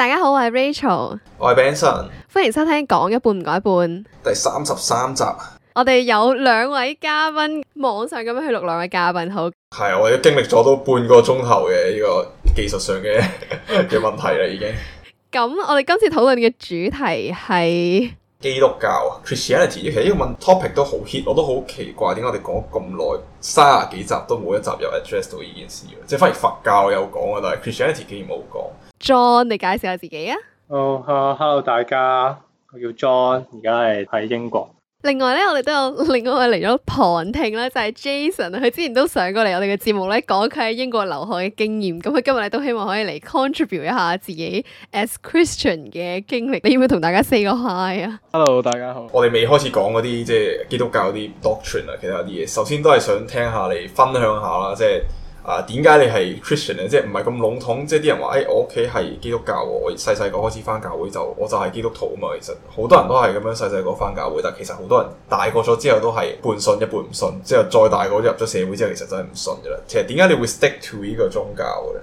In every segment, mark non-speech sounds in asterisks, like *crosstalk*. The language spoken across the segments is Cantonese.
大家好，我係 Rachel，我係 b e n s o n 歡迎收聽講一半唔改半第三十三集。 *noise* 我哋有兩位嘉賓網上咁樣去錄兩位嘉賓，好係我哋經,經歷咗都半個鐘頭嘅呢個技術上嘅嘅 *laughs* 問題啦，已經。咁我哋今次討論嘅主題係 *noise* 基督教啊，Christianity 其實呢個問 topic 都好 hit，我都好奇怪，點解我哋講咁耐三十幾集都冇一集有 address 到呢件事？即係反而佛教有講啊，但係 Christianity 竟然冇講。John，你介紹下自己啊。好哈，Hello 大家，我叫 John，而家係喺英國。另外咧，我哋都有另外一位嚟咗旁聽咧，就係 Jason，佢之前都上過嚟我哋嘅節目咧，講佢喺英國留學嘅經驗。咁佢今日咧都希望可以嚟 contribute 一下自己 as Christian 嘅經歷。你要唔要同大家 say 個 hi 啊？Hello 大家好，我哋未開始講嗰啲即係基督教嗰啲 doctrine 啊，其實有啲嘢。首先都係想聽下你分享下啦，即係。啊，點解你係 Christian 咧？即係唔係咁籠統？即係啲人話，誒、哎，我屋企係基督教喎，我細細個開始返教會就我就係基督徒啊嘛。其實好多人都係咁樣細細個返教會，但其實好多人大個咗之後都係半信一半唔信，之後再大個入咗社會之後，其實真係唔信㗎喇。其實點解你會 stick to 呢個宗教咧？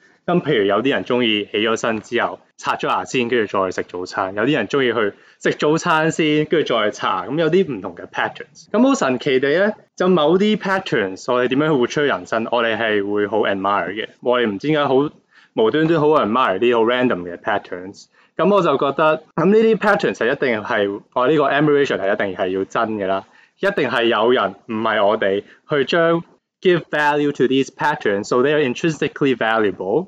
咁譬如有啲人中意起咗身之後刷咗牙先，跟住再去食早餐；有啲人中意去食早餐先，跟住再去查。咁有啲唔同嘅 patterns。咁好神奇地咧，就某啲 patterns 我哋點樣去活出人生，我哋係會好 admire 嘅。我哋唔知點解好無端端好 admire 呢個 random 嘅 patterns。咁我就覺得，咁呢啲 patterns 係一定係我呢個 admiration 係一定係要真嘅啦。一定係有人唔係我哋去將 give value to these patterns，so they are intrinsically valuable。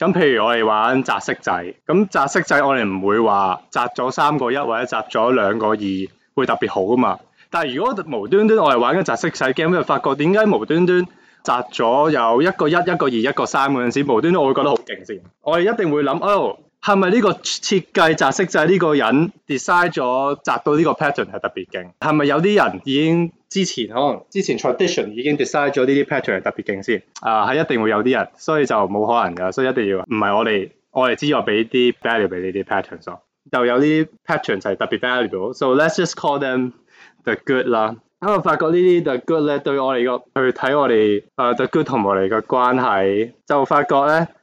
咁譬如我哋玩擲骰仔，咁擲骰仔我哋唔會話擲咗三個一或者擲咗兩個二會特別好㗎嘛。但係如果無端端我哋玩緊擲骰仔 game，咁就發覺點解無端端擲咗有一個一、一個二、一個三嗰陣時，無端端端我會覺得好勁先。我哋一定會諗，哦，係咪呢個設計擷式就係呢個人 decide 咗摘到呢個 pattern 係特別勁？係咪有啲人已經之前可能之前 tradition 已經 decide 咗呢啲 pattern 係特別勁先？啊，係一定會有啲人，所以就冇可能㗎，所以一定要唔係我哋我哋資助俾啲 value 俾呢啲 patterns 就有啲 pattern 就係特別 valuable，so let's just call them the good 啦。咁、啊、我發覺呢啲 the good 咧，對我哋個去睇我哋啊、uh, the good 同我哋嘅關係，就發覺咧。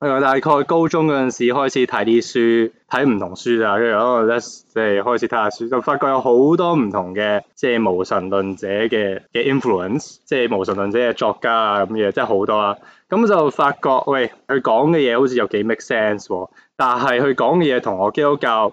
大概高中嗰陣時開始睇啲書，睇唔同書啊，跟住我咧即係開始睇下書，就發覺有好多唔同嘅，即係無神論者嘅嘅 influence，即係無神論者嘅作家啊咁樣，真係好多啦。咁就發覺，喂，佢講嘅嘢好似有幾 make sense 喎，但係佢講嘅嘢同我基督教。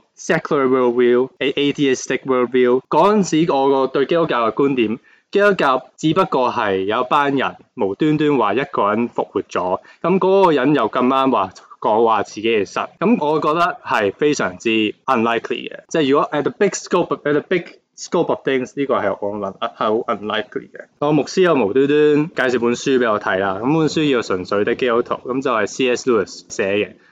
secular worldview, atheistic worldview，嗰陣時我個對基督教嘅觀點，基督教只不過係有班人無端端話一個人復活咗，咁嗰個人又咁啱話講話自己係神，咁我覺得係非常之 unlikely 嘅，即係如果 at the big scope of, at the big scope of things 呢個係我諗係好 unlikely 嘅。我牧師有無端端介紹本書俾我睇啦，咁本書叫純粹的基督徒，咁就係 C.S. Lewis 寫嘅。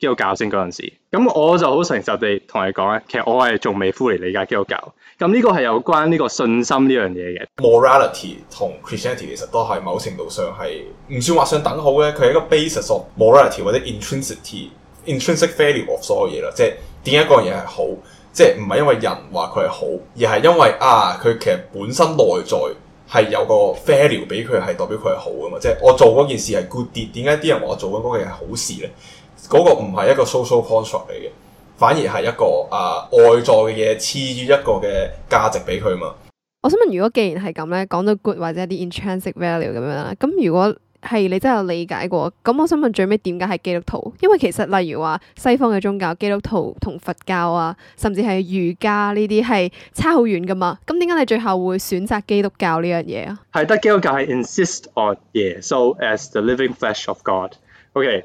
基督教先嗰陣時，咁我就好誠實地同你講咧，其實我係仲未完全理解基督教。咁呢個係有關呢個信心呢樣嘢嘅 morality 同 christianity 其實都係某程度上係唔算話相等好咧。佢係一個 basis of morality 或者 intrinsic intrinsic value of 所有嘢啦，即係點解嗰樣嘢係好？即係唔係因為人話佢係好，而係因為啊，佢其實本身內在係有個 value 俾佢，係代表佢係好噶嘛？即係我做嗰件事係 good deed，點解啲人話我做緊嗰嘢係好事咧？嗰個唔係一個 social construct 嚟嘅，反而係一個啊、呃、外在嘅嘢，賜住一個嘅價值俾佢嘛。我想問，如果既然係咁咧，講到 good 或者啲 intrinsic value 咁樣啦，咁如果係你真係有理解過，咁我想問最尾點解係基督徒？因為其實例如話西方嘅宗教，基督徒同佛教啊，甚至係儒伽呢啲係差好遠噶嘛。咁點解你最後會選擇基督教呢樣嘢啊？係，得基督教係 insist on 嘢，so as the living flesh of God。OK。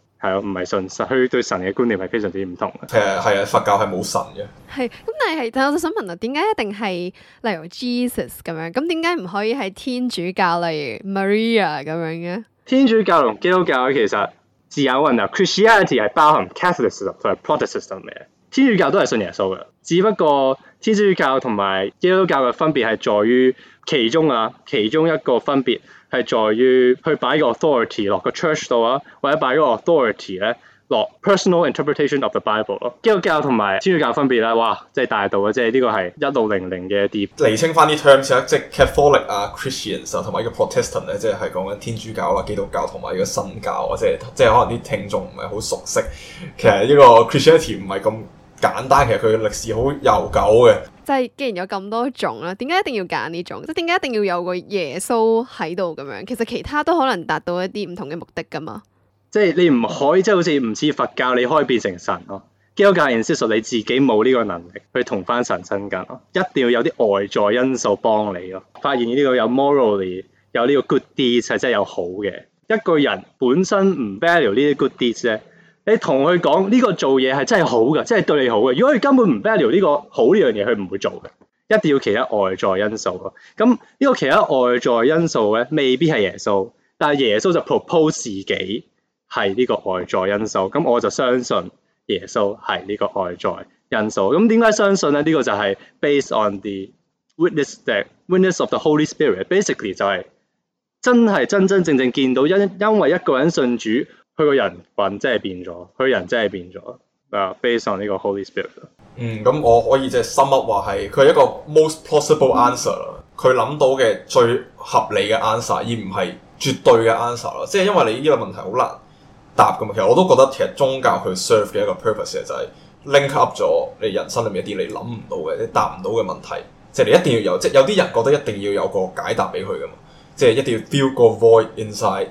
係啊，唔係信神，佢對神嘅觀念係非常之唔同。其實係啊，佛教係冇神嘅。係，咁但係我就想問啊，點解一定係例如 Jesus 咁樣？咁點解唔可以係天主教例如 Maria 咁樣嘅？天主教同基督教其實自有混淆，Christianity 係包含 Catholicism 同埋 Protestant 嘅。天主教都係信耶穌嘅，只不過天主教同埋基督教嘅分別係在於其中啊，其中一個分別。係在於去擺個 authority 落個 church 度啊，或者擺個 authority 咧落 personal interpretation of the Bible 咯。基督教同埋天主教分別咧，哇，即係大道啊！即係呢個係一六零零嘅碟。釐清翻啲 terms 啦，即係 Catholic 啊、uh、Christian 啊，同埋呢個 Protestant 咧，即係講緊天主教啊、基督教同埋呢個新教啊，即係即係可能啲聽眾唔係好熟悉。其實呢個 Christianity 唔係咁簡單，其實佢嘅歷史好悠久嘅。即係既然有咁多種啦，點解一定要揀呢種？即係點解一定要有個耶穌喺度咁樣？其實其他都可能達到一啲唔同嘅目的噶嘛。即係你唔可以，即係好似唔似佛教，你可以變成神咯、啊。基督教認知上你自己冇呢個能力去同翻神親近咯、啊，一定要有啲外在因素幫你咯、啊。發現呢個有 morally 有呢個 good deeds 係真係有好嘅。一個人本身唔 value 呢啲 good deeds。你同佢講呢個做嘢係真係好嘅，即係對你好嘅。如果佢根本唔 value 呢個好呢樣嘢，佢唔會做嘅。一定要其他外在因素咯。咁呢個其他外在因素咧，未必係耶穌，但係耶穌就 propose 自己係呢個外在因素。咁我就相信耶穌係呢個外在因素。咁點解相信咧？呢個就係 based on the witness that witness of the Holy Spirit。Basically 就係真係真真正正見到因因為一個人信主。佢個人品真係變咗，佢人真係變咗啊！Based on 呢個 Holy Spirit，嗯，咁我可以即係 sum up 話係佢係一個 most possible answer 佢諗、嗯、到嘅最合理嘅 answer，而唔係絕對嘅 answer 啦。即係因為你呢個問題好難答㗎嘛，其實我都覺得其實宗教佢 serve 嘅一個 purpose 就係 link up 咗你人生裏面一啲你諗唔到嘅、你答唔到嘅問題，即係你一定要有，即係有啲人覺得一定要有個解答俾佢㗎嘛，即係一定要 fill 個 void inside。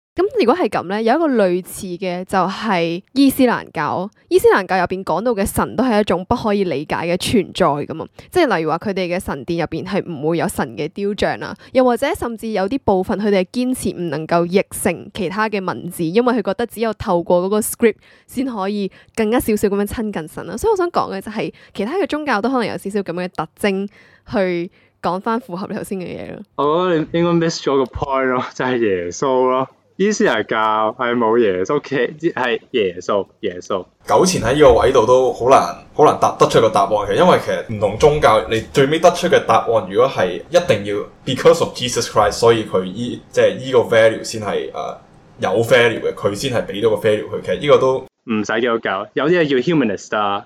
咁如果係咁咧，有一個類似嘅就係伊斯蘭教。伊斯蘭教入邊講到嘅神都係一種不可以理解嘅存在㗎嘛。即係例如話佢哋嘅神殿入邊係唔會有神嘅雕像啊，又或者甚至有啲部分佢哋係堅持唔能夠譯成其他嘅文字，因為佢覺得只有透過嗰個 script 先可以更加少少咁樣親近神啦，啊。所以我想講嘅就係其他嘅宗教都可能有少少咁樣嘅特徵，去講翻符合你頭先嘅嘢咯。我覺得你應該 miss 咗個 point 咯，就係耶穌咯。啲先係教，係冇耶穌嘅，係耶穌，耶穌。久前喺呢個位度都好難，好難答得出個答案嘅，因為其實唔同宗教，你最尾得出嘅答案，如果係一定要，because of Jesus Christ，所以佢依即係依個 value 先係誒有 value 嘅，佢先係俾到個 value 佢，其實呢個都唔使叫教，有啲係叫 humanist 啊。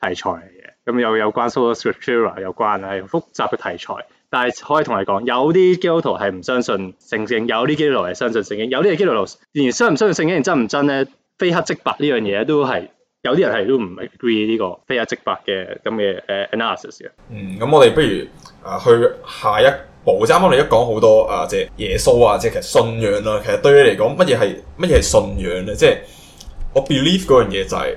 題材嘅，咁又有關《Sola Scriptura》有關，係複雜嘅題材。但係可以同你講，有啲基督徒係唔相信聖經，有啲基督徒係相信聖經，有啲嘅基督徒連信唔相信聖經，認真唔真咧，非黑即白呢樣嘢都係有啲人係都唔 agree 呢個非黑即白嘅咁嘅誒 analysis 嘅。嗯，咁我哋不如啊去下一步，啱啱我哋一講好多啊，即係耶穌啊，即係其實信仰啊，其實對於你嚟講，乜嘢係乜嘢係信仰咧？即係我 believe 嗰樣嘢就係。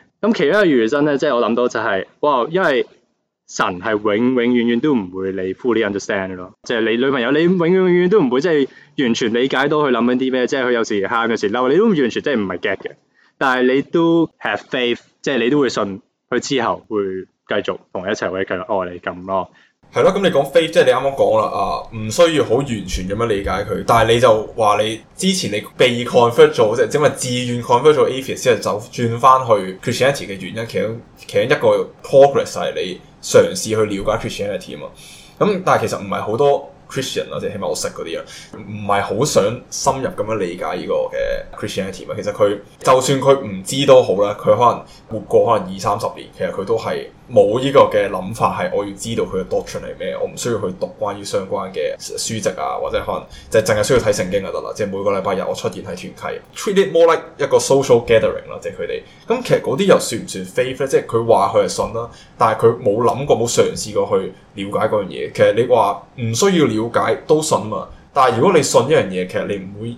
咁其中一個餘生咧，即係我諗到就係，哇！因為神係永永遠遠都唔會你 fully understand 咯，即係你女朋友你永遠永遠都唔會即係完全理解到佢諗緊啲咩，即係佢有時喊有時嬲，你都完全即係唔係 get 嘅，但係你都 have faith，即係你都會信佢之後會繼續同你一齊或者繼續愛你咁咯。係咯，咁你講非，即係你啱啱講啦，啊，唔需要好完全咁樣理解佢，但係你就話你之前你被 convert 咗，即係，只係自願 convert 做 atheist 之後走轉翻去 Christianity 嘅原因，其中其中一個 progress 係你嘗試去了解 Christianity 啊嘛。咁但係其實唔係好多 Christian 啊，即係起碼我識嗰啲啊，唔係好想深入咁樣理解呢個嘅 Christianity 啊嘛。其實佢就算佢唔知都好啦，佢可能活過可能二三十年，其實佢都係。冇呢個嘅諗法係，我要知道佢嘅 doctrine 係咩，我唔需要去讀關於相關嘅書籍啊，或者可能就淨係需要睇聖經就得啦。即係每個禮拜日我出現喺團契，treat it more like 一個 social gathering 啦、就是，即係佢哋。咁其實嗰啲又算唔算 faith 咧？即係佢話佢係信啦，但係佢冇諗過，冇嘗試過去了解嗰樣嘢。其實你話唔需要了解都信嘛，但係如果你信一樣嘢，其實你唔會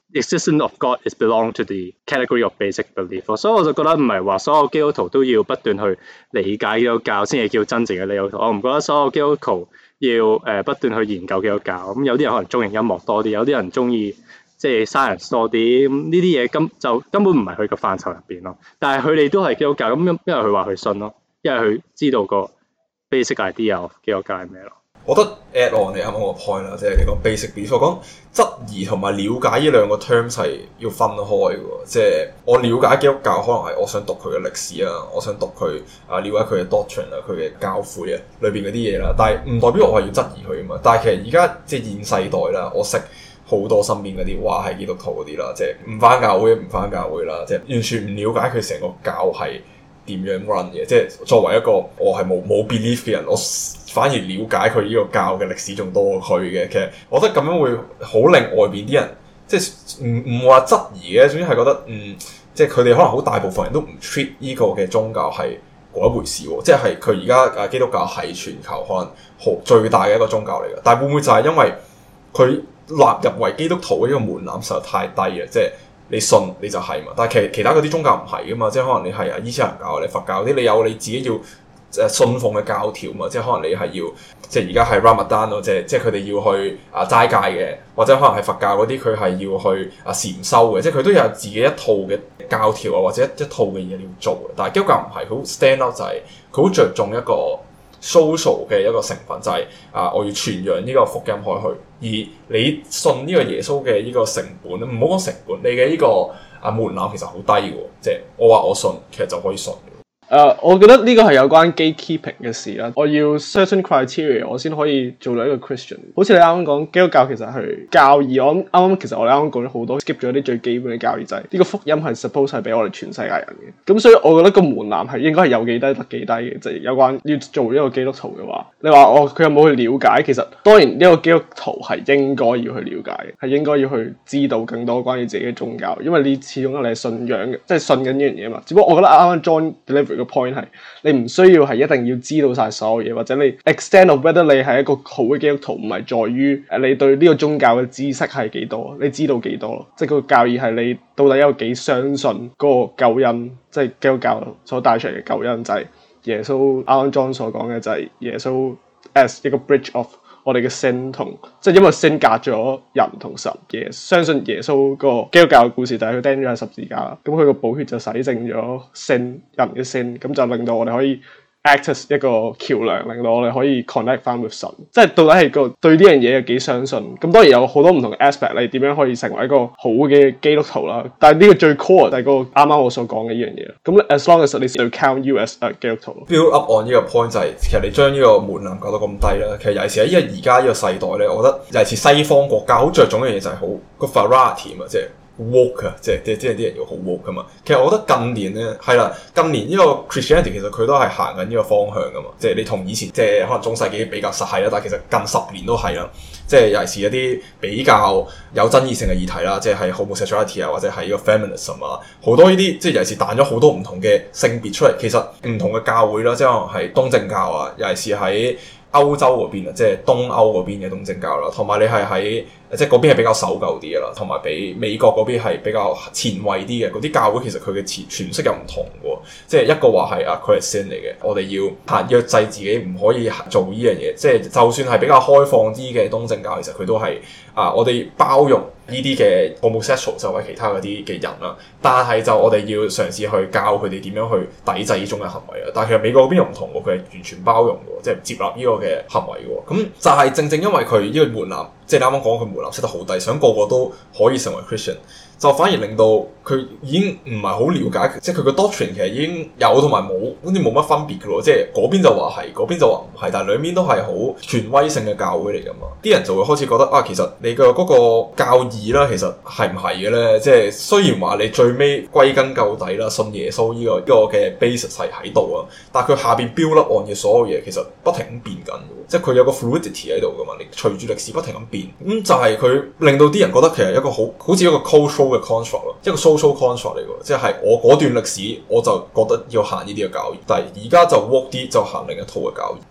Existence of God is belong to the category of basic belief。所以我就覺得唔係話所有基督徒都要不斷去理解基督教先係叫真正嘅基督徒。我唔覺得所有基督徒要誒不斷去研究基督教。咁有啲人可能鍾意音樂多啲，有啲人中意即係 science 多啲咁呢啲嘢。根就根本唔係佢個範疇入邊咯。但係佢哋都係基督教，咁因為佢話佢信咯，因為佢知道個 basic idea of 基督教係咩咯。我覺得 add on 你啱啱個 point 啦，即係你講 basic belief 講質疑同埋了解呢兩個 terms 係要分開嘅喎，即係我了解基督教可能係我想讀佢嘅歷史啊，我想讀佢啊瞭解佢嘅 doctrine 啊，佢嘅教誨啊裏邊嗰啲嘢啦，但係唔代表我係要質疑佢啊嘛。但係其實而家即係現世代啦，我識好多身邊嗰啲話係基督徒嗰啲啦，即係唔翻教會唔翻教會啦，即係完全唔了解佢成個教係。點樣 run 嘅？即係作為一個我係冇冇 belief 嘅人，我反而了解佢呢個教嘅歷史仲多過佢嘅。其實我覺得咁樣會好令外邊啲人即係唔唔話質疑嘅，總之係覺得嗯，即係佢哋可能好大部分人都唔 treat 呢個嘅宗教係嗰一回事喎，即係佢而家誒基督教係全球可能好最大嘅一個宗教嚟嘅。但係會唔會就係因為佢納入為基督徒嘅呢個門檻實在太低嘅？即係。你信你就係嘛，但係其其他嗰啲宗教唔係㗎嘛，即係可能你係啊伊斯蘭教你佛教嗰啲你有你自己要誒信奉嘅教條嘛，即係可能你係要即係而家係 Ramadan 咯，即係即係佢哋要去啊齋戒嘅，或者可能係佛教嗰啲佢係要去啊禪修嘅，即係佢都有自己一套嘅教條啊，或者一，一套嘅嘢要做嘅，但係基督教唔係，佢好 stand out 就係佢好着重一個。social 嘅一個成分就係啊，我要傳揚呢個福音開去。而你信呢個耶穌嘅呢個成本咧，唔好講成本，你嘅呢個啊門檻其實好低嘅，即係我話我信，其實就可以信。誒，uh, 我覺得呢個係有關 gatekeeping 嘅事啦。我要 certain criteria，我先可以做到一個 Christian 好剛剛。好似你啱啱講基督教其實係教義，我啱啱其實我哋啱啱講咗好多 skip 咗啲最基本嘅教義制。呢、就是、個福音係 suppose 係俾我哋全世界人嘅。咁所以，我覺得個門檻係應該係有幾低得幾低嘅，即、就、係、是、有關要做呢個基督徒嘅話，你話哦，佢有冇去了解？其實當然呢個基督徒係應該要去了解嘅，係應該要去知道更多關於自己嘅宗教，因為你始終你係信仰嘅，即係信緊呢樣嘢嘛。只不過我覺得啱啱 John 個 point 係，你唔需要係一定要知道晒所有嘢，或者你 extend of whether 你係一個好嘅基督徒，唔係在於誒你對呢個宗教嘅知識係幾多，你知道幾多咯，即係個教義係你到底有幾相信嗰個救恩，即係基督教所帶出嚟嘅救恩，就係耶穌阿 John 所講嘅，就係耶穌 as 一個 bridge of。我哋嘅聖同，即因為聖隔咗人同神嘅，相信耶穌個基督教嘅故事就係佢釘咗喺十字架啦。咁佢個寶血就洗淨咗聖人嘅聖，咁就令到我哋可以。Act as 一個橋梁，令到我哋可以 connect 翻 with 神，即係到底係個對呢樣嘢有幾相信。咁當然有好多唔同嘅 aspect 你點樣可以成為一個好嘅基督徒啦。但係呢個最 core，就係個啱啱我所講嘅呢樣嘢。咁 as long as 你 count us 係基督徒，build up on 呢個 point 就係、是、其實你將呢個門檻搞到咁低啦。其實尤其是因為而家呢個世代咧，我覺得尤其是西方國家好着重一樣嘢就係好、個 variety 嘛，即係。work 啊，即係即係即係啲人要好 work 噶嘛。其實我覺得近年咧，係啦，近年呢個 Christianity 其實佢都係行緊呢個方向噶嘛。即係你同以前即係可能中世紀比較實係啦，但係其實近十年都係啦。即係尤其是一啲比較有爭議性嘅議題啦，即係係 homosexuality 啊，或者係呢個 feminism 啊，好多呢啲即係尤其是彈咗好多唔同嘅性別出嚟。其實唔同嘅教會啦，即係可能係東正教啊，尤其係喺。歐洲嗰邊啊，即係東歐嗰邊嘅東正教啦，同埋你係喺即係嗰邊係比較守舊啲嘅啦，同埋比美國嗰邊係比較前衞啲嘅嗰啲教會，其實佢嘅詮釋又唔同嘅，即係一個話係啊，佢係神嚟嘅，我哋要嚇約制自己唔可以做呢樣嘢，即係就算係比較開放啲嘅東正教，其實佢都係啊，我哋包容。呢啲嘅我冇 m o s e x u a l 就係其他嗰啲嘅人啦，但係就我哋要嘗試去教佢哋點樣去抵制呢種嘅行為啦。但係其實美國嗰邊又唔同喎，佢係完全包容嘅，即、就、係、是、接納呢個嘅行為嘅。咁就係正正因為佢呢個門檻，即、就、係、是、你啱啱講佢門檻出得好低，想個個都可以成為 Christian，就反而令到。佢已經唔係好了解，即係佢個 doctrine 其實已經有同埋冇，好似冇乜分別嘅咯。即係嗰邊就話係，嗰邊就話唔係，但係兩邊都係好權威性嘅教會嚟㗎嘛。啲人就會開始覺得啊，其實你個嗰個教義啦，其實係唔係嘅咧？即係雖然話你最尾歸根究底啦，信耶穌呢個呢個嘅 basis 係喺度啊，但係佢下邊標立案嘅所有嘢，其實不停變緊，即係佢有個 fluidity 喺度㗎嘛。你隨住歷史不停咁變，咁就係佢令到啲人覺得其實一個好好似一個 cultural 嘅 construct 咯，一個。Social contract 嚟嘅，即係我嗰段歷史，我就覺得要行呢啲嘅教義，但係而家就 work 啲就行另一套嘅教義。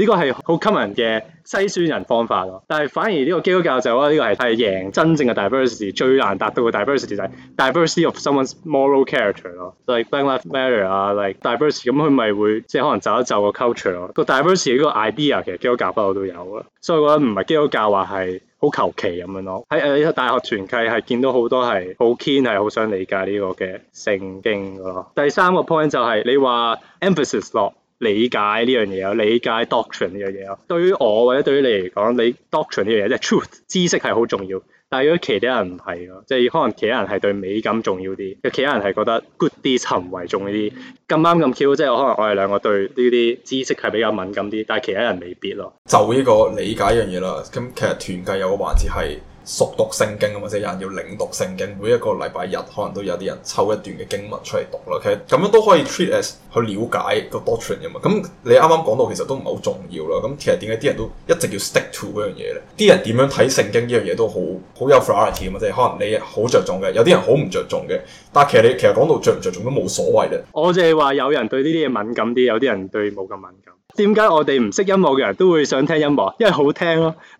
呢個係好吸引嘅篩選人方法咯，但係反而呢個基督教就話呢個係係贏真正嘅 diversity，最難達到嘅 diversity 就係 diversity of someone's moral character 咯，like black life matter 啊，like diversity，咁佢咪會即係可能走一走個 culture 咯，個 diversity 呢個 idea 其實基督教都有啊，所以我覺得唔係基督教話係好求其咁樣咯，喺誒呢個大學團契係見到好多係好堅係好想理解呢個嘅聖經咯。第三個 point 就係你話 emphasis 落。理解呢樣嘢咯，理解 doctrine 呢樣嘢咯。對於我或者對於你嚟講，理 doctrine 呢樣嘢即係、就是、truth 知識係好重要。但係如果其他人唔係咯，即係可能其他人係對美感重要啲，其他人係覺得 good 啲行為重要啲咁啱咁 q。即係我可能我哋兩個對呢啲知識係比較敏感啲，但係其他人未必咯。就呢個理解一樣嘢啦。咁其實團契有個環節係。熟讀聖經啊嘛，即係有人要領讀聖經，每一個禮拜日可能都有啲人抽一段嘅經文出嚟讀啦。其實咁樣都可以 treat as 去了解個 doctrine 啊嘛。咁你啱啱講到其實都唔係好重要啦。咁其實點解啲人都一直要 stick to 嗰樣嘢咧？啲人點樣睇聖經呢樣嘢都好好有 variety 啊嘛，即係可能你好着重嘅，有啲人好唔着重嘅。但係其實你其實講到着唔着重都冇所謂咧。我就係話有人對呢啲嘢敏感啲，有啲人對冇咁敏感。點解我哋唔識音樂嘅人都會想聽音樂？因為好聽咯，啊。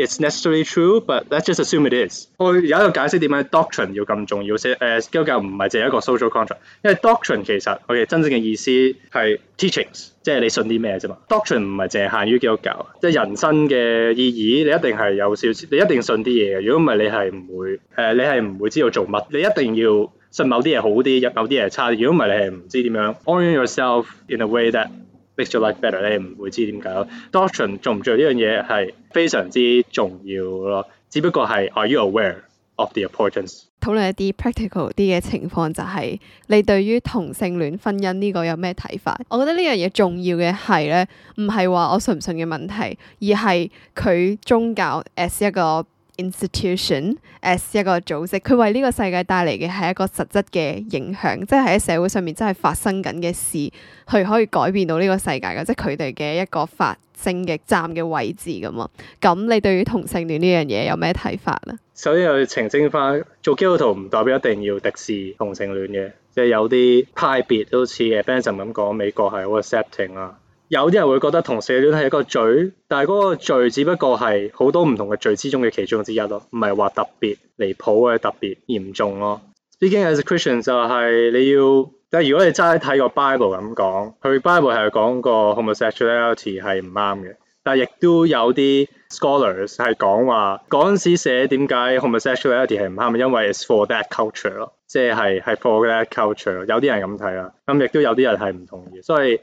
It's necessarily true, but let's just assume it is. 我有一個解釋點解 doctrine 要咁重要先誒？基督教唔係淨係一個 social contract。因為 doctrine 其實佢、okay，真正嘅意思係 teachings，即係你信啲咩啫嘛？Doctrine 唔係淨係限於基督教，即係人生嘅意義，你一定係有少少，你一定信啲嘢嘅。如果唔係，你係唔會誒，你係唔會知道做乜。你一定要信某啲嘢好啲，有某啲嘢差啲。如果唔係，你係唔知點樣。make your life better，你唔會知點解咯。Doctrine 做唔做呢樣嘢係非常之重要咯，只不過係 are you aware of the importance？討論一啲 practical 啲嘅情況，就是，就係你對於同性戀婚姻呢個有咩睇法？我覺得呢樣嘢重要嘅係咧，唔係話我信唔信嘅問題，而係佢宗教 as 一個。institution as 一個組織，佢為呢個世界帶嚟嘅係一個實質嘅影響，即係喺社會上面真係發生緊嘅事，佢可以改變到呢個世界嘅，即係佢哋嘅一個發聲嘅站嘅位置咁啊。咁你對於同性戀呢樣嘢有咩睇法啊？首先，我要澄清翻，做基督徒唔代表一定要敵視同性戀嘅，即係有啲派別都似嘅、Benjamin 咁講，美國係好 accepting 啊。有啲人會覺得同性戀係一個罪，但係嗰個罪只不過係好多唔同嘅罪之中嘅其中之一咯，唔係話特別離譜嘅特別嚴重咯。Speaking as Christian 就係你要，但係如果你齋睇個 Bible 咁講，佢 Bible 係講個 homosexuality 係唔啱嘅，但係亦都有啲 scholars 係講話嗰陣時寫點解 homosexuality 係唔啱，因為 it's for that culture 咯，即係係 for that culture，有啲人咁睇啦，咁亦都有啲人係唔同意，所以。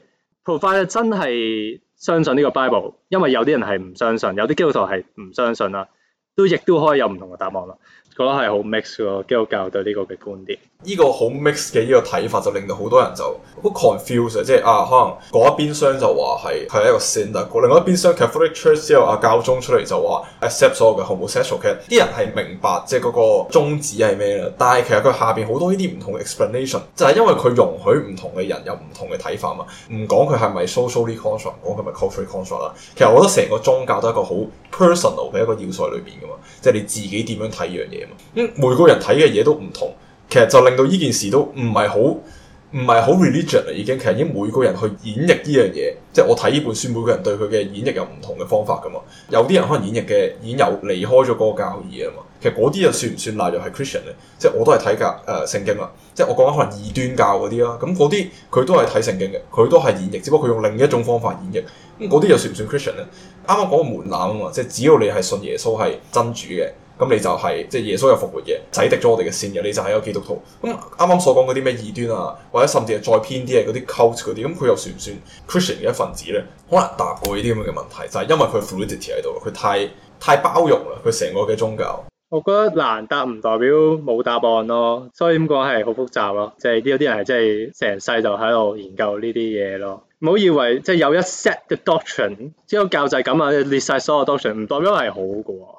真係相信呢個 Bible，因為有啲人係唔相信，有啲基督徒係唔相信啦，都亦都可以有唔同嘅答案啦。覺得係好 m i x 喎，基督教對呢個嘅觀點，呢個好 m i x 嘅呢個睇法就令到好多人就好 confuse 即係啊，可能嗰一邊雙就話係係一個 s e n 但係另外一邊雙佢 conflict 之後啊，教宗出嚟就話 accept 所有嘅毫無 sexual 嘅，啲人係明白即係嗰個宗旨係咩啦，但係其實佢下邊好多呢啲唔同嘅 explanation，就係因為佢容許唔同嘅人有唔同嘅睇法嘛，唔講佢係咪 socially c o n t r c t，講佢咪 c o l t u r a control 啦，其實我覺得成個宗教都係一個好 personal 嘅一個要素裏邊噶嘛，即係你自己點樣睇依樣嘢。每個人睇嘅嘢都唔同，其實就令到呢件事都唔係好唔係好 religious 啦，religion，已經。其實已經每個人去演繹呢樣嘢，即係我睇呢本書，每個人對佢嘅演繹有唔同嘅方法噶嘛。有啲人可能演繹嘅演有離開咗嗰個教義啊嘛。其實嗰啲又算唔算納入係 Christian 咧？即係我都係睇教誒聖經啦，即係我講可能異端教嗰啲啦。咁嗰啲佢都係睇聖經嘅，佢都係演繹，只不過佢用另一種方法演繹。咁嗰啲又算唔算 Christian 咧？啱啱講個門檻啊嘛，即係只要你係信耶穌係真主嘅。咁你就係即係耶穌有復活嘅，洗滌咗我哋嘅善嘅，你就係一個基督徒。咁啱啱所講嗰啲咩異端啊，或者甚至係再偏啲嘅嗰啲 cult 嗰啲，咁佢又算唔算 Christian 嘅一份子咧？好難答個呢啲咁嘅問題，就係、是、因為佢 fluidity 喺度，佢太太包容啦，佢成個嘅宗教。我覺得難答唔代表冇答案咯，所以咁講係好複雜咯。即係呢啲人係真係成世就喺度研究呢啲嘢咯。唔好以為即係、就是、有一 set 嘅 doctrine，之後教制咁啊，列晒所有 doctrine，唔代表係好嘅。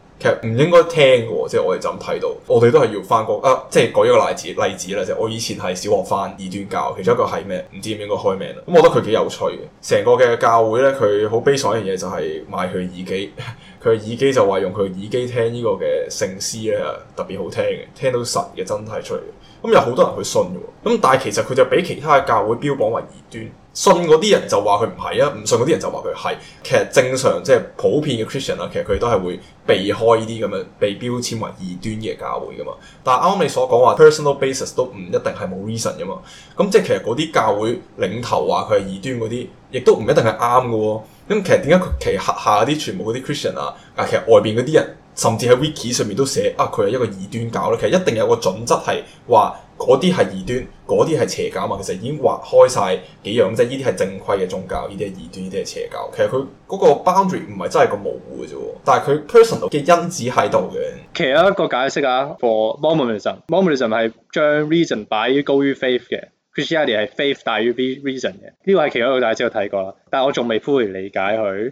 其實唔應該聽嘅即係我哋就咁睇到，我哋都係要翻工啊！即係舉一個例子，例子啦，即係我以前係小學翻異端教，其中一個係咩？唔知應唔應該開名啦。咁我覺得佢幾有趣嘅，成個嘅教會咧，佢好悲慘一樣嘢就係賣佢耳機，佢嘅耳機就話用佢耳機聽呢個嘅聖詩咧特別好聽嘅，聽到神嘅真體出嚟嘅，咁有好多人去信嘅喎。咁但係其實佢就俾其他嘅教會標榜為異端。信嗰啲人就話佢唔係啊，唔信嗰啲人就話佢係。其實正常即係普遍嘅 Christian、哦、Christian 啊，其實佢都係會避開呢啲咁樣被標籤為異端嘅教會噶嘛。但係啱啱你所講話 personal basis 都唔一定係冇 reason 噶嘛。咁即係其實嗰啲教會領頭話佢係異端嗰啲，亦都唔一定係啱噶喎。咁其實點解其下下啲全部嗰啲 Christian 啊，但係其實外邊嗰啲人。甚至喺 wiki 上面都寫啊，佢係一個異端教咧。其實一定有一個準則係話嗰啲係異端，嗰啲係邪教嘛。其實已經劃開晒幾樣，即係呢啲係正規嘅宗教，呢啲係異端，呢啲係邪教。其實佢嗰個 boundary 唔係真係咁模糊啫，但係佢 personal 嘅因子喺度嘅。其他一個解釋啊，for Mormonism，Mormonism 係將 reason 擺於高於 faith 嘅，Christianity 係 faith 大於 b e re reason 嘅。呢、這個係其他好大師有睇過啦，但我仲未完全理解佢。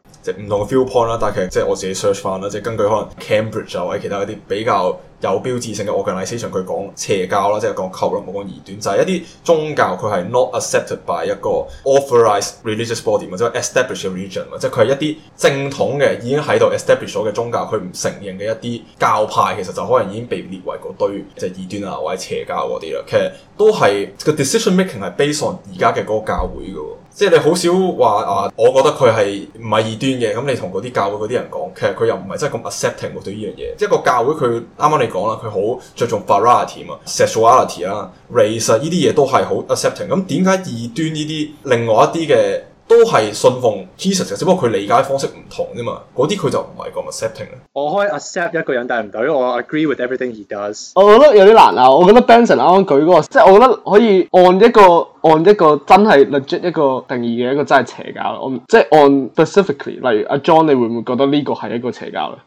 即唔同嘅 viewpoint 啦，但係其實即係我自己 search 翻啦，即係根據可能 Cambridge 啊或者其他一啲比較有標誌性嘅 organisation，佢講邪教啦，即係講 cult 啦，冇講異端，就係、是、一啲宗教佢係 not accepted by 一個 authorized religious body 或者 established religion 即係佢係一啲正統嘅已經喺度 establish 咗嘅宗教，佢唔承認嘅一啲教派，其實就可能已經被列為嗰堆即係異端啊或者邪教嗰啲啦。其實都係、這個 decision making 係 base on 而家嘅嗰個教會嘅。即係你好少話啊！我覺得佢係唔係異端嘅咁，你同嗰啲教會嗰啲人講，其實佢又唔係真係咁 accepting 對呢樣嘢。即係個教會佢啱啱你講啦，佢好着重 variety 啊、sexuality 啦 race 呢啲嘢都係好 accepting。咁點解異端呢啲另外一啲嘅？都係信奉 Jesus，只不過佢理解方式唔同啫嘛。嗰啲佢就唔係講 accepting。我可以 accept 一個人，但係唔代表我 agree with everything he does。我覺得有啲難啊。我覺得 Benson 啱啱舉嗰個，即係我覺得可以按一個按一個真係一個定義嘅一個真係邪教。我即係按 specifically，例如阿、啊、John，你會唔會覺得呢個係一個邪教咧？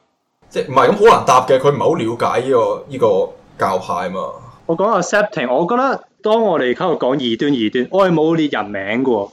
即係唔係咁好難答嘅，佢唔係好了解呢、這個呢、這個教派嘛。我講 accepting，我覺得當我哋喺度講異端異端，我係冇列人名嘅、啊。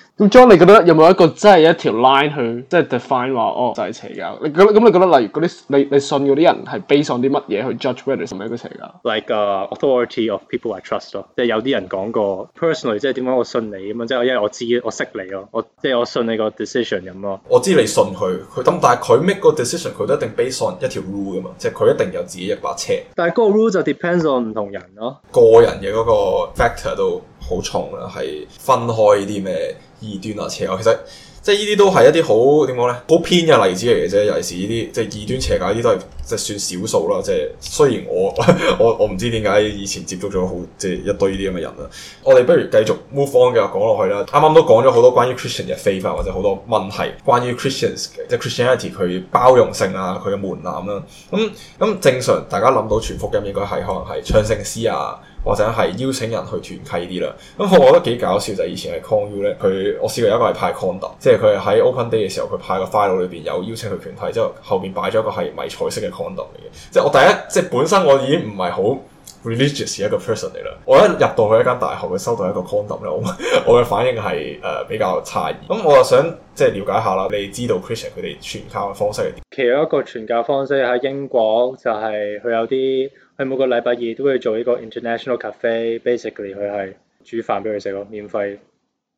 咁 John 你覺得有冇一個真係一條 line 去即係 define 話哦就係邪教？你覺得咁？你覺得例如嗰啲你你信嗰啲人係 based on 啲乜嘢去 judge whether 係咪一個邪教？Like authority of people I trust 咯，即係有啲人講過，personally 即係點解我信你咁嘛？即係因為我知我識你咯，我即係、就是、我信你個 decision 咁咯。我知你信佢，佢咁但係佢 make 個 decision 佢都一定 based on 一條 rule 噶嘛，即係佢一定有自己一把尺。但係嗰個 rule 就 depends on 唔同人咯。個人嘅嗰個 factor 都好重啦，係分開啲咩？異端啊，邪教，其實即係呢啲都係一啲好點講咧，好偏嘅例子嚟嘅啫。尤其是呢啲即係異端邪教呢啲都係即係算少數啦。即係雖然我我我唔知點解以前接觸咗好即係一堆呢啲咁嘅人啊。我哋不如繼續 move on 嘅講落去啦。啱啱都講咗好多關於 Christian 嘅非法，或者好多問題，關於 Christians Christian 嘅，即係 Christianity 佢包容性啊，佢嘅門檻啦。咁咁正常大家諗到傳福音應該係可能係唱聖詩啊。或者係邀請人去團契啲啦，咁我覺得幾搞笑就係、是、以前係 call u 咧，佢我試過有一個係派 condom，即係佢喺 open day 嘅時候，佢派個 file 裏邊有邀請去團契，之後後面擺咗一個係迷彩色嘅 condom 嚟嘅，即係我第一，即係本身我已經唔係好 religious 一個 person 嚟啦，我一入到去一間大學，佢收到一個 condom 咧，我嘅反應係誒、呃、比較差異，咁我又想即係了解下啦，你知道 Christian 佢哋傳教嘅方式係點？其中一個傳教方式喺英國就係佢有啲。每個禮拜二都會做呢個 international cafe，basically 佢係煮飯俾佢食咯，免費，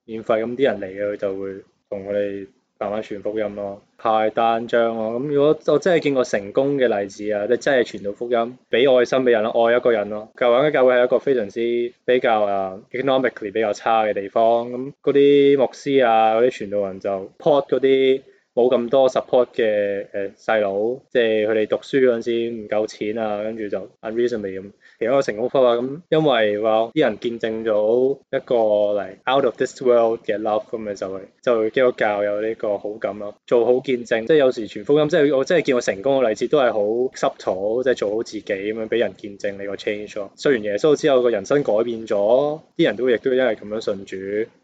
免費咁啲人嚟嘅，佢就會同我哋慢慢傳福音咯，派單張咯。咁如果我真係見過成功嘅例子啊，你真係傳道福音，俾愛心俾人咯，愛一個人咯。舊陣嘅教會係一個非常之比較啊、uh, economically 比較差嘅地方，咁嗰啲牧師啊嗰啲傳道人就 po 嗰啲。冇咁多 support 嘅誒細佬，即係佢哋讀書嗰陣時唔夠錢啊，跟住就 unreason 地咁。另一個我成功方法咁，因為話啲人見證咗一個嚟 out of this world 嘅 love，咁咪就會就基督教有呢個好感咯。做好見證，即係有時傳福音，即係我真係見我成功嘅例子都係好 subtle，即係做好自己咁樣俾人見證你個 change。雖然耶穌之後個人生改變咗，啲人都亦都因為咁樣信主。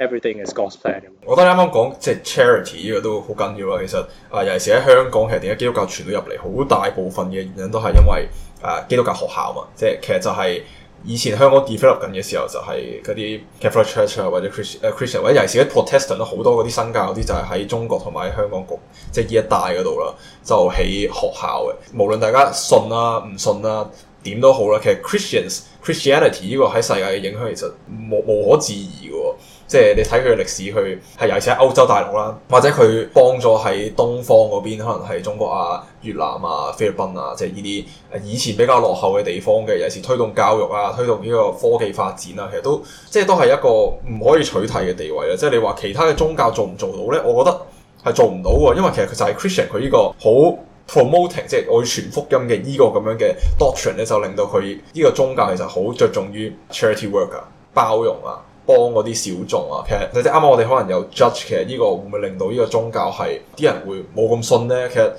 everything has gone bad 我覺得你啱啱講即係、就是、charity 呢個都好緊要啊！其實啊，尤其是喺香港，其實點解基督教傳到入嚟，好大部分嘅原因都係因為啊基督教學校嘛，即係其實就係以前香港 develop 緊嘅時候，就係嗰啲 Catholic Church 啊，或者 Christian 或者尤其是啲 Protestant 好多嗰啲新教嗰啲，就係喺中國同埋喺香港即係呢一帶嗰度啦，就喺學校嘅。無論大家信啦、啊、唔信啦、啊，點都好啦。其實 Christians, Christianity Christianity 呢個喺世界嘅影響，其實無無可置疑嘅。即係你睇佢嘅歷史，佢係尤其喺歐洲大陸啦，或者佢幫助喺東方嗰邊，可能係中國啊、越南啊、菲律賓啊，即係呢啲以前比較落後嘅地方嘅，尤其是推動教育啊、推動呢個科技發展啊，其實都即係都係一個唔可以取替嘅地位啦。即係你話其他嘅宗教做唔做到呢？我覺得係做唔到嘅，因為其實佢就係 Christian，佢呢個好 promoting，即係我要傳福音嘅呢個咁樣嘅 doctrine 咧，就令到佢呢個宗教其實好着重於 charity worker，包容啊。幫嗰啲小眾啊，其實即係啱啱我哋可能有 judge，其實呢個會唔會令到呢個宗教係啲人會冇咁信呢？其實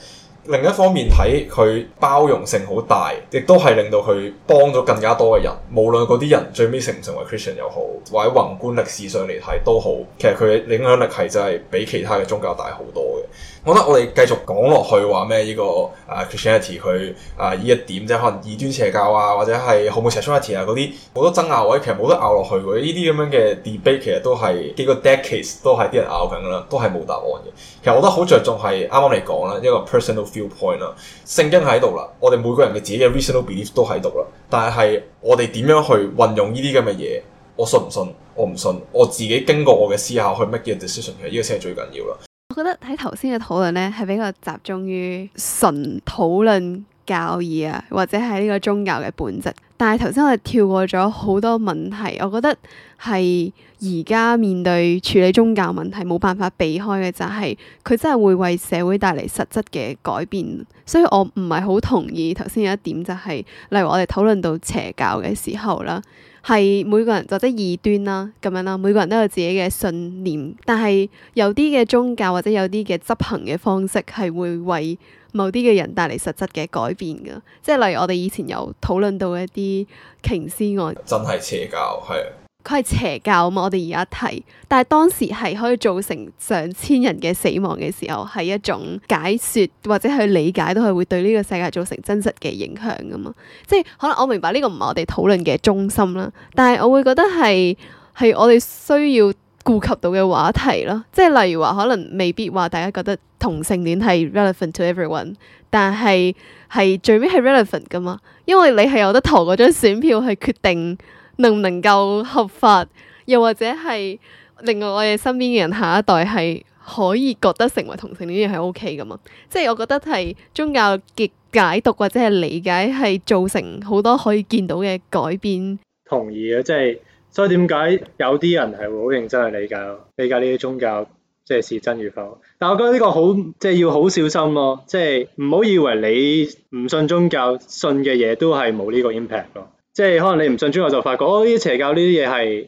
另一方面睇佢包容性好大，亦都係令到佢幫咗更加多嘅人。無論嗰啲人最尾成唔成為 Christian 又好，或者宏觀歷史上嚟睇都好，其實佢嘅影響力係真係比其他嘅宗教大好多嘅。我覺得我哋繼續講落去話咩呢個啊 Christianity 佢啊呢、呃、一點啫，可能異端邪教啊，或者係好唔好邪 Christianity 啊嗰啲好多爭拗位，其實冇得拗落去喎。呢啲咁樣嘅 debate 其實都係幾個 decades 都係啲人拗緊噶啦，都係冇答案嘅。其實我覺得好着重係啱啱嚟講啦，一個 personal viewpoint 啦，聖經喺度啦，我哋每個人嘅自己嘅 personal belief 都喺度啦，但係我哋點樣去運用呢啲咁嘅嘢，我信唔信，我唔信，信，我自己經過我嘅思考去 make 嘅 decision，其實呢個先係最緊要啦。我覺得喺頭先嘅討論咧，係比較集中於神討論。教義啊，或者係呢個宗教嘅本質，但係頭先我哋跳過咗好多問題，我覺得係而家面對處理宗教問題冇辦法避開嘅就係佢真係會為社會帶嚟實質嘅改變，所以我唔係好同意頭先有一點就係，例如我哋討論到邪教嘅時候啦，係每個人或者異端啦，咁樣啦，每個人都有自己嘅信念，但係有啲嘅宗教或者有啲嘅執行嘅方式係會為某啲嘅人帶嚟實質嘅改變噶，即係例如我哋以前有討論到一啲瓊斯案，真係邪教係，佢係邪教嘛？我哋而家睇，但係當時係可以造成上千人嘅死亡嘅時候，係一種解說或者去理解都係會對呢個世界造成真實嘅影響噶嘛？即係可能我明白呢個唔係我哋討論嘅中心啦，但係我會覺得係係我哋需要。顧及到嘅話題咯，即係例如話，可能未必話大家覺得同性戀係 relevant to everyone，但係係最尾係 relevant 噶嘛，因為你係有得投嗰張選票，去決定能唔能夠合法，又或者係另外我哋身邊嘅人下一代係可以覺得成為同性戀呢係 OK 噶嘛？即係我覺得係宗教嘅解讀或者係理解係造成好多可以見到嘅改變。同意啊，即係。所以點解有啲人係會好認真去理解咯、啊，理解呢啲宗教即係、就是真與否？但係我覺得呢個好，即、就、係、是、要好小心咯、啊，即係唔好以為你唔信宗教，信嘅嘢都係冇呢個 impact 咯、啊。即、就、係、是、可能你唔信宗教就發覺，哦，呢啲邪教呢啲嘢係。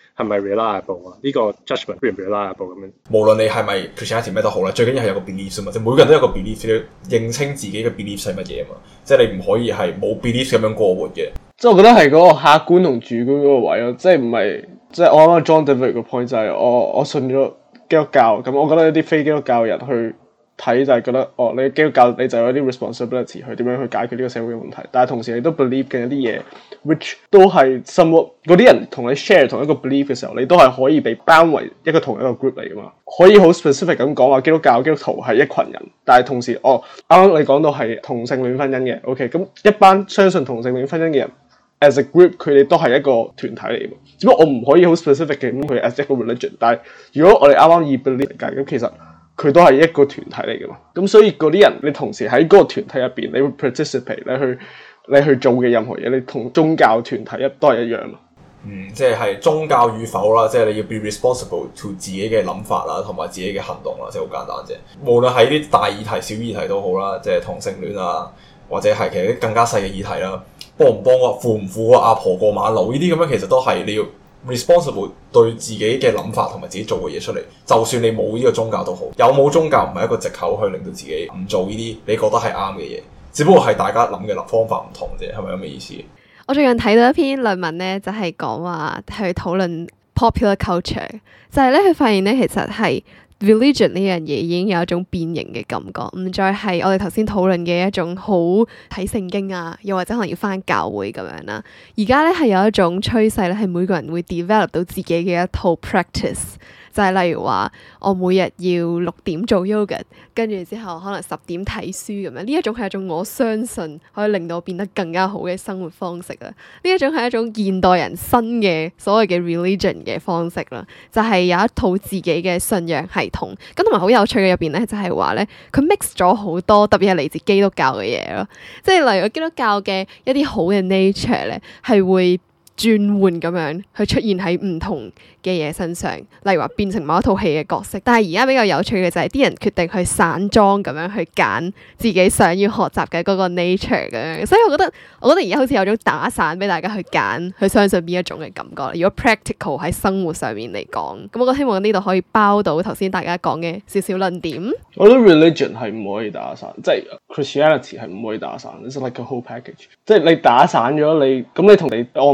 係咪 reliable 啊？呢個 judgment reliable 咁樣。無論你係咪決定一條咩都好啦，最緊要係有個 belief 啊嘛。即係每個人都有個 belief，你認清自己嘅 belief 係乜嘢啊嘛。即係你唔可以係冇 belief 咁樣過活嘅。即係我覺得係嗰個客觀同主觀嗰個位咯。即係唔係？即係我啱啱 John David 嘅 point 就係我我信咗基督教，咁我覺得啲非基督教人去。睇就係覺得哦，你基督教你就有啲 responsibility 去點樣去解決呢個社會嘅問題，但係同時你都 believe 嘅一啲嘢，which 都係 some 嗰啲人同你 share 同一個 believe 嘅時候，你都係可以被包為一個同一個 group 嚟㗎嘛。可以好 specific 咁講話基督教基督徒係一群人，但係同時哦啱啱你講到係同性戀婚姻嘅，OK 咁一班相信同性戀婚姻嘅人 as a group 佢哋都係一個團體嚟嘅，只不過我唔可以好 specific 嘅咁佢 as 一個 religion。但係如果我哋啱啱以 believe 嚟計咁，其實。佢都係一個團體嚟噶嘛，咁所以嗰啲人你同時喺嗰個團體入邊，你會 participate 咧去你去做嘅任何嘢，你同宗教團體一都係一樣咯。嗯，即係係宗教與否啦，即係你要 be responsible to 自己嘅諗法啦，同埋自己嘅行動啦，即係好簡單啫。無論喺啲大議題、小議題都好啦，即係同性戀啊，或者係其實更加細嘅議題啦，幫唔幫個扶唔扶個阿婆過馬路呢啲咁樣，其實都係你要。Responsible 對自己嘅諗法同埋自己做嘅嘢出嚟，就算你冇呢個宗教都好，有冇宗教唔係一個藉口去令到自己唔做呢啲你覺得係啱嘅嘢，只不過係大家諗嘅方法唔同啫，係咪咁嘅意思？我最近睇到一篇論文呢，就係講話去討論 popular culture，就係咧佢發現咧，其實係。Religion 呢樣嘢已經有一種變形嘅感覺，唔再係我哋頭先討論嘅一種好睇聖經啊，又或者可能要返教會咁樣啦。而家咧係有一種趨勢咧，係每個人會 develop 到自己嘅一套 practice。就係例如話，我每日要六點做 yoga 跟住之後可能十點睇書咁樣。呢一種係一種我相信可以令到我變得更加好嘅生活方式啦。呢一種係一種現代人新嘅所謂嘅 religion 嘅方式啦。就係有一套自己嘅信仰系統。咁同埋好有趣嘅入邊咧，就係話咧，佢 mix 咗好多，特別係嚟自基督教嘅嘢咯。即係例如基督教嘅一啲好嘅 nature 咧，係會。轉換咁樣去出現喺唔同嘅嘢身上，例如話變成某一套戲嘅角色。但係而家比較有趣嘅就係、是、啲人決定去散裝咁樣去揀自己想要學習嘅嗰個 nature 咁樣。所以我覺得我覺得而家好似有種打散俾大家去揀，去相信邊一種嘅感覺。如果 practical 喺生活上面嚟講，咁我覺得希望呢度可以包到頭先大家講嘅少少論點。我覺得 religion 係唔可以打散，即係 Christianity 係唔可以打散。It's like a whole package。即係你打散咗你，咁你同你我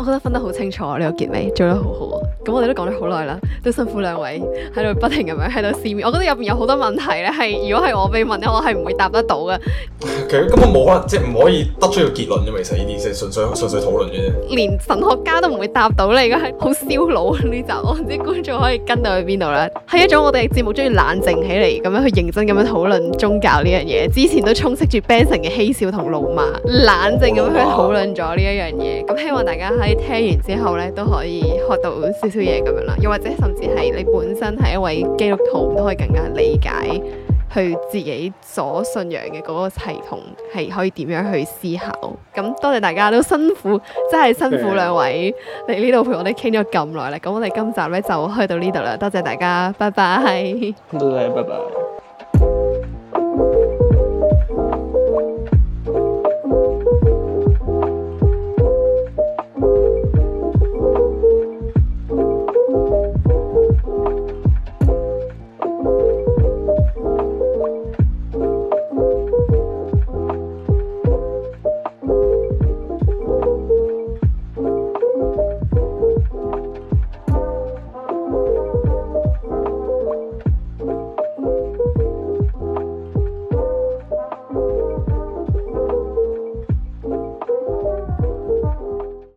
我覺得分得好清楚啊。呢個結尾，做得好好啊！咁我哋都講咗好耐啦，都辛苦兩位喺度不停咁樣喺度撕面。我覺得入邊有好多問題咧，係如果係我被問咧，我係唔會答得到嘅。其實根本冇可能，即係唔可以得出個結論，因為其實呢啲即係純粹純粹討論嘅啫。連神學家都唔會答到你，而家係好燒腦呢集。我唔知觀眾可以跟到去邊度啦。係一種我哋節目中意冷靜起嚟，咁樣去認真咁樣討論宗教呢樣嘢。之前都充斥住 Ben Sir 嘅嬉笑同怒罵，冷靜咁樣去討論咗呢一樣嘢。咁希望大家喺。你聽完之後咧，都可以學到少少嘢咁樣啦，又或者甚至係你本身係一位基督徒都可以更加理解，去自己所信仰嘅嗰個系統係可以點樣去思考。咁多謝大家都辛苦，真係辛苦兩位嚟呢度陪我哋傾咗咁耐啦。咁我哋今集咧，就去到呢度啦，多謝大家，拜拜。都係，拜拜。